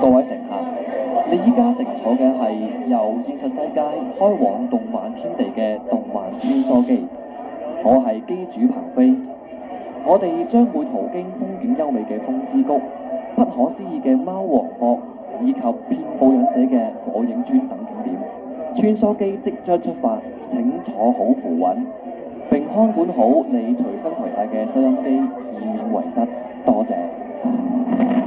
各位乘客，你依家乘坐嘅係由現實世界開往動漫天地嘅動漫穿梭機，我係機主彭飛。我哋將會途經風景優美嘅風之谷、不可思議嘅貓王國以及遍布忍者嘅火影村等景點。穿梭機即將出發，請坐好扶穩。看管好你隨身攜帶嘅收音機，以免遺失。多謝。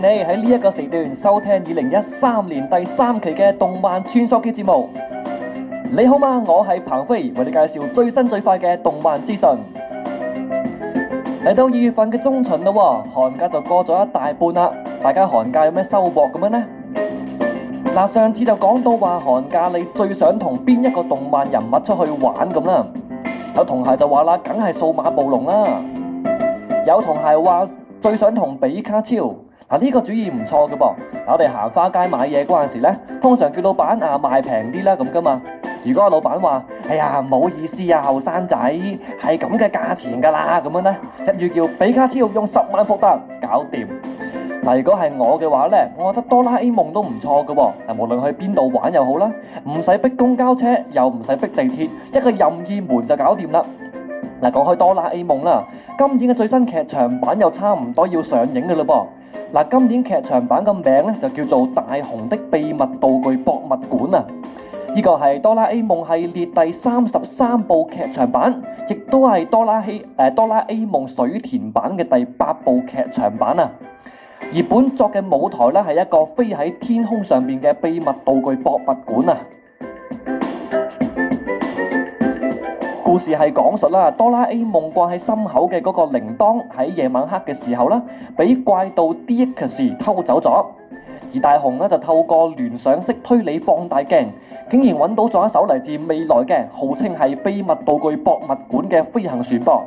你喺呢一個時段收聽二零一三年第三期嘅動漫穿梭機節目。你好嗎，我係彭飛，為你介紹最新最快嘅動漫資訊。嚟到二月份嘅中旬啦，寒假就過咗一大半啦。大家寒假有咩收穫咁樣呢？嗱，上次就講到話寒假你最想同邊一個動漫人物出去玩咁啦？有同學就話啦，梗係數碼暴龍啦。有同學話最想同比卡超。啊、這、呢個主意唔錯嘅噃，我哋行花街買嘢嗰陣時咧，通常叫老闆啊賣平啲啦咁噶嘛。如果老闆話，哎呀唔好意思啊，後生仔係咁嘅價錢噶啦，咁樣咧，一住叫比卡超用十萬伏特搞掂。嗱，如果係我嘅話咧，我覺得哆啦 A 夢都唔錯嘅，無論去邊度玩又好啦，唔使逼公交車，又唔使逼地鐵，一個任意門就搞掂啦。嗱，講開哆啦 A 夢啦，今年嘅最新劇場版又差唔多要上映嘅嘞噃。嗱，今年劇場版嘅名咧就叫做《大雄的秘密道具博物館》啊。呢個係哆啦 A 夢系列第三十三部劇場版，亦都係哆啦 A 誒哆啦 A 夢水田版嘅第八部劇場版啊。而本作嘅舞台咧係一個飛喺天空上邊嘅秘密道具博物館啊。故事係講述啦，哆啦 A 夢掛喺心口嘅嗰個鈴鐺喺夜晚黑嘅時候呢，俾怪盜 DX 偷走咗。而大雄呢，就透過聯想式推理放大鏡，竟然揾到咗一艘嚟自未來嘅號稱係秘密道具博物館嘅飛行船噃。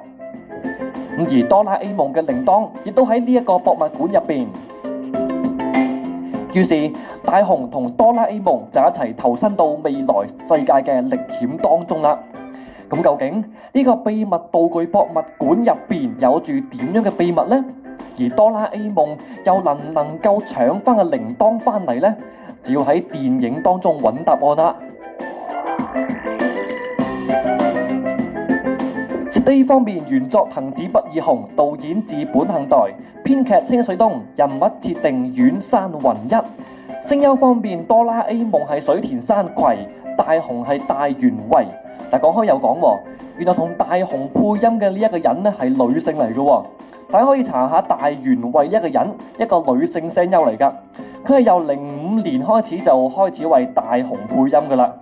咁而哆啦 A 夢嘅鈴鐺亦都喺呢一個博物館入邊。於是大雄同哆啦 A 夢就一齊投身到未來世界嘅歷險當中啦。咁究竟呢個秘密道具博物館入邊有住點樣嘅秘密呢？而哆啦 A 夢又能唔能夠搶翻個鈴鐺翻嚟呢？就要喺電影當中揾答案啦。c 方面，原作藤子不二雄，導演寺本幸代，編劇清水東，人物設定遠山雲一。聲優方面，哆啦 A 夢係水田山葵，大雄係大原惠。但講開又講，原來同大雄配音嘅呢一個人呢係女性嚟嘅。大家可以查下大原惠一個人，一個女性聲優嚟噶。佢係由零五年開始就開始為大雄配音噶啦。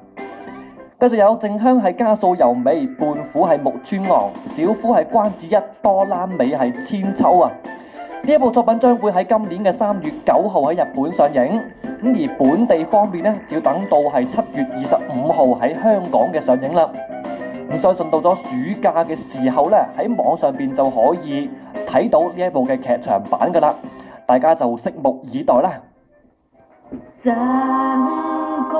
繼續有靜香係加數由美，胖虎係木村昂，小夫係關智一，哆啦美係千秋啊。呢一部作品將會喺今年嘅三月九號喺日本上映。咁而本地方面咧，就要等到係七月二十五號喺香港嘅上映啦。唔相信到咗暑假嘅時候咧，喺網上邊就可以睇到呢一部嘅劇場版噶啦，大家就拭目以待啦。殘酷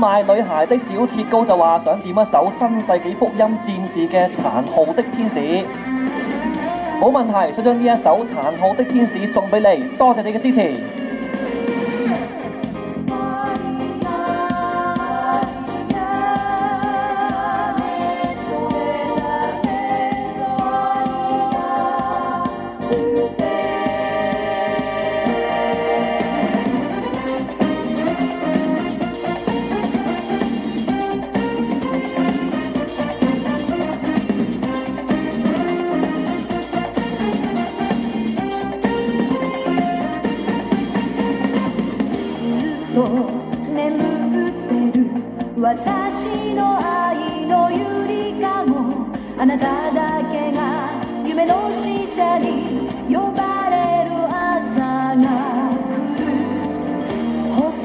賣女孩的小切糕就話想點一首新世紀福音戰士嘅殘酷的天使，冇問題，想將呢一首殘酷的天使送畀你，多謝你嘅支持。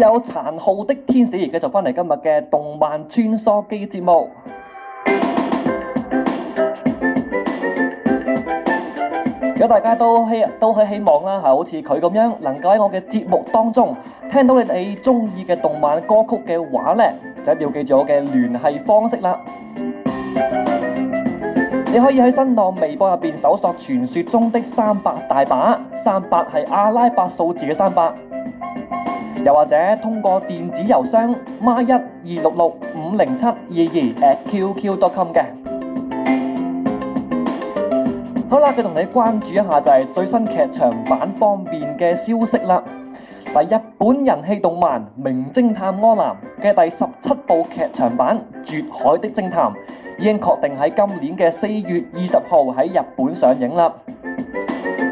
有殘酷的天使，而家就翻嚟今日嘅動漫穿梭機節目。如果大家都希都希希望啦，係好似佢咁樣，能夠喺我嘅節目當中聽到你哋中意嘅動漫歌曲嘅話呢，就一定要記住我嘅聯繫方式啦 。你可以喺新浪微博入邊搜索《傳說中的三百大把》，三百係阿拉伯數字嘅三百。又或者通過電子郵箱孖一二六六五零七二二 atqq.com 嘅，好啦，佢同你關注一下就係最新劇場版方面嘅消息啦。嗱，日本人氣動漫《名偵探柯南》嘅第十七部劇場版《絕海的偵探》已經確定喺今年嘅四月二十號喺日本上映啦。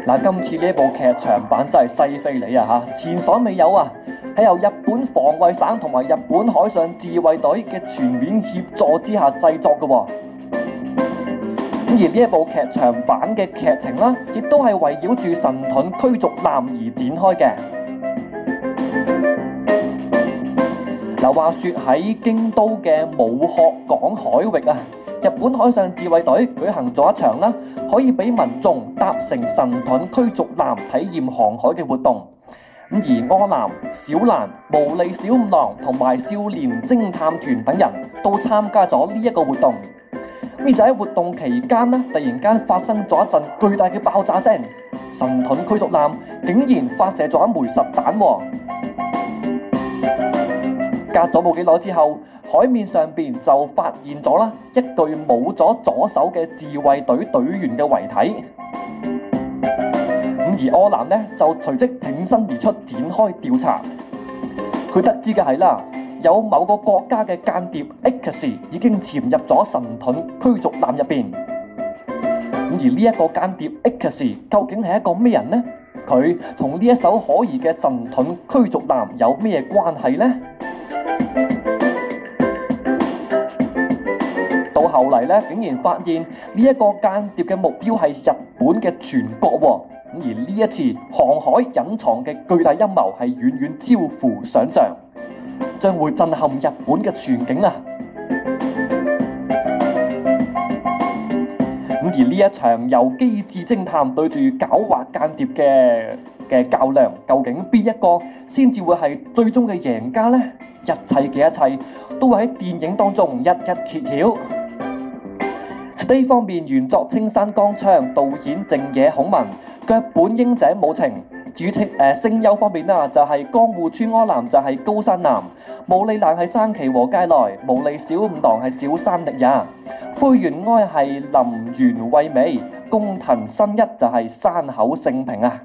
嗱，今次呢部劇場版真係犀飛利啊吓，前所未有啊！係由日本防衛省同埋日本海上自衛隊嘅全面協助之下製作嘅，咁而呢一部劇場版嘅劇情啦，亦都係圍繞住神盾驅逐艦而展開嘅。嗱，話說喺京都嘅舞鶴港海域啊，日本海上自衛隊舉行咗一場啦，可以俾民眾搭乘神盾驅逐艦體驗航海嘅活動。而柯南、小蘭、毛利小五郎同埋少年偵探團等人，都參加咗呢一個活動。而就喺活動期間突然間發生咗一陣巨大嘅爆炸聲，神盾驅逐艦竟然發射咗一枚實彈。隔咗冇幾耐之後，海面上邊就發現咗啦一具冇咗左手嘅自衛隊隊員嘅遺體。而柯南呢就隨即挺身而出，展開調查，佢得知嘅係啦，有某個國家嘅間諜 X 已經潛入咗神盾驅逐艦入邊。咁而呢一個間諜 X 究竟係一個咩人呢？佢同呢一艘可疑嘅神盾驅逐艦有咩關係呢？後嚟咧，竟然發現呢一個間諜嘅目標係日本嘅全國喎。咁而呢一次航海隱藏嘅巨大陰謀係遠遠超乎想象，將會震撼日本嘅全景啊！咁而呢一場由機智偵探對住狡猾間諜嘅嘅較量，究竟邊一個先至會係最終嘅贏家呢？一切嘅一切都會喺電影當中一一揭曉。stay 方面原作青山剛昌，導演靜野孔文，腳本櫻井武晴，主清聲、呃、聲優方面、啊、就係、是、江戶川柯南就係、是、高山南，毛利蘭係山崎和佳奈，毛利小五郎係小山力也，灰原哀係林原惠美，工藤新一就係山口勝平、啊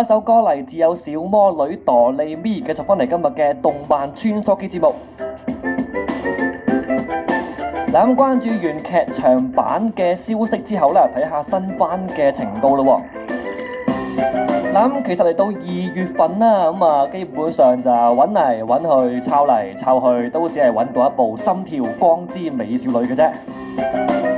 一首歌嚟自有小魔女 Doremi，繼續翻嚟今日嘅動漫穿梭機節目。嗱，咁關注完劇場版嘅消息之後呢，睇下新番嘅情報啦。嗱咁，其實嚟到二月份啦，咁啊基本上就揾嚟揾去，抄嚟抄去，都只係揾到一部《心跳光之美少女》嘅啫。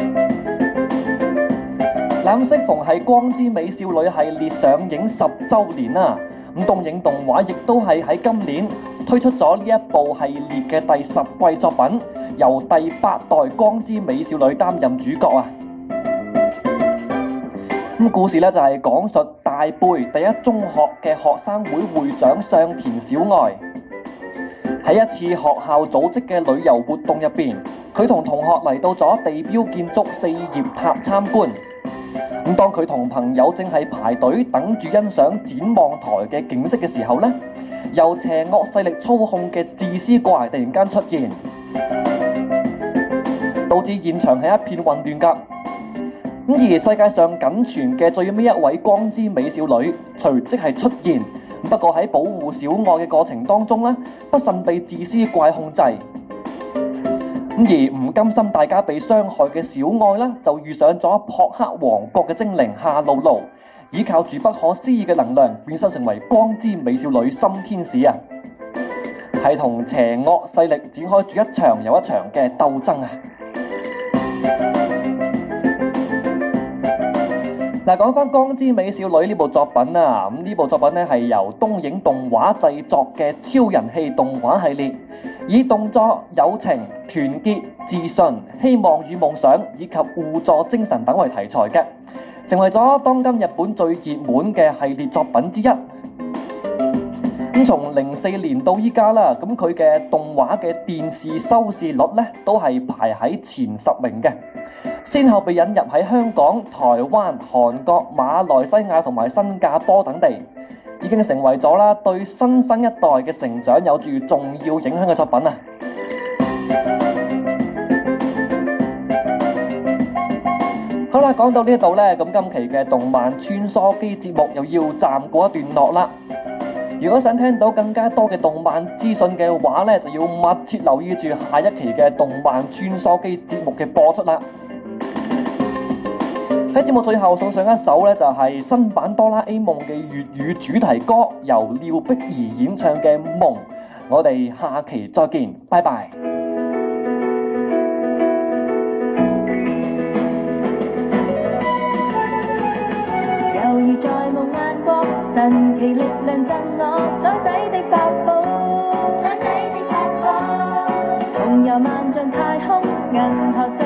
咁，適逢係《光之美少女》系列上映十周年啊，咁東映動畫亦都係喺今年推出咗呢一部系列嘅第十季作品，由第八代《光之美少女》擔任主角啊！咁故事咧就係講述大貝第一中學嘅學生會會長上田小愛喺一次學校組織嘅旅遊活動入邊，佢同同學嚟到咗地標建築四葉塔參觀。咁當佢同朋友正係排隊等住欣賞展望台嘅景色嘅時候呢，由邪惡勢力操控嘅自私怪突然間出現，導致現場係一片混亂噶。咁而世界上僅存嘅最尾一位光之美少女隨即係出現，不過喺保護小愛嘅過程當中呢，不慎被自私怪控制。而唔甘心大家被傷害嘅小愛呢就遇上咗《撲克王國》嘅精靈夏露露，依靠住不可思議嘅能量，變身成為光之美少女心天使啊！係同邪惡勢力展開住一場又一場嘅鬥爭啊！嗱，講 翻樂《光之美少女》呢部作品啊，咁呢部作品呢係由東映動畫製作嘅超人氣動畫系列。以動作、友情、團結、自信、希望與夢想以及互助精神等為題材嘅，成為咗當今日本最熱門嘅系列作品之一。咁從零四年到而家啦，咁佢嘅動畫嘅電視收視率呢，都係排喺前十名嘅。先後被引入喺香港、台灣、韓國、馬來西亞同埋新加坡等地。已經成為咗啦，對新生一代嘅成長有住重要影響嘅作品啊！好啦，講到呢一度咧，咁今期嘅動漫穿梭機節目又要暫過一段落啦。如果想聽到更加多嘅動漫資訊嘅話咧，就要密切留意住下一期嘅動漫穿梭機節目嘅播出啦。喺節目最後，送上一首咧就係新版《哆啦 A 夢》嘅粵語主題歌，由廖碧兒演唱嘅《夢》。我哋下期再見，拜拜。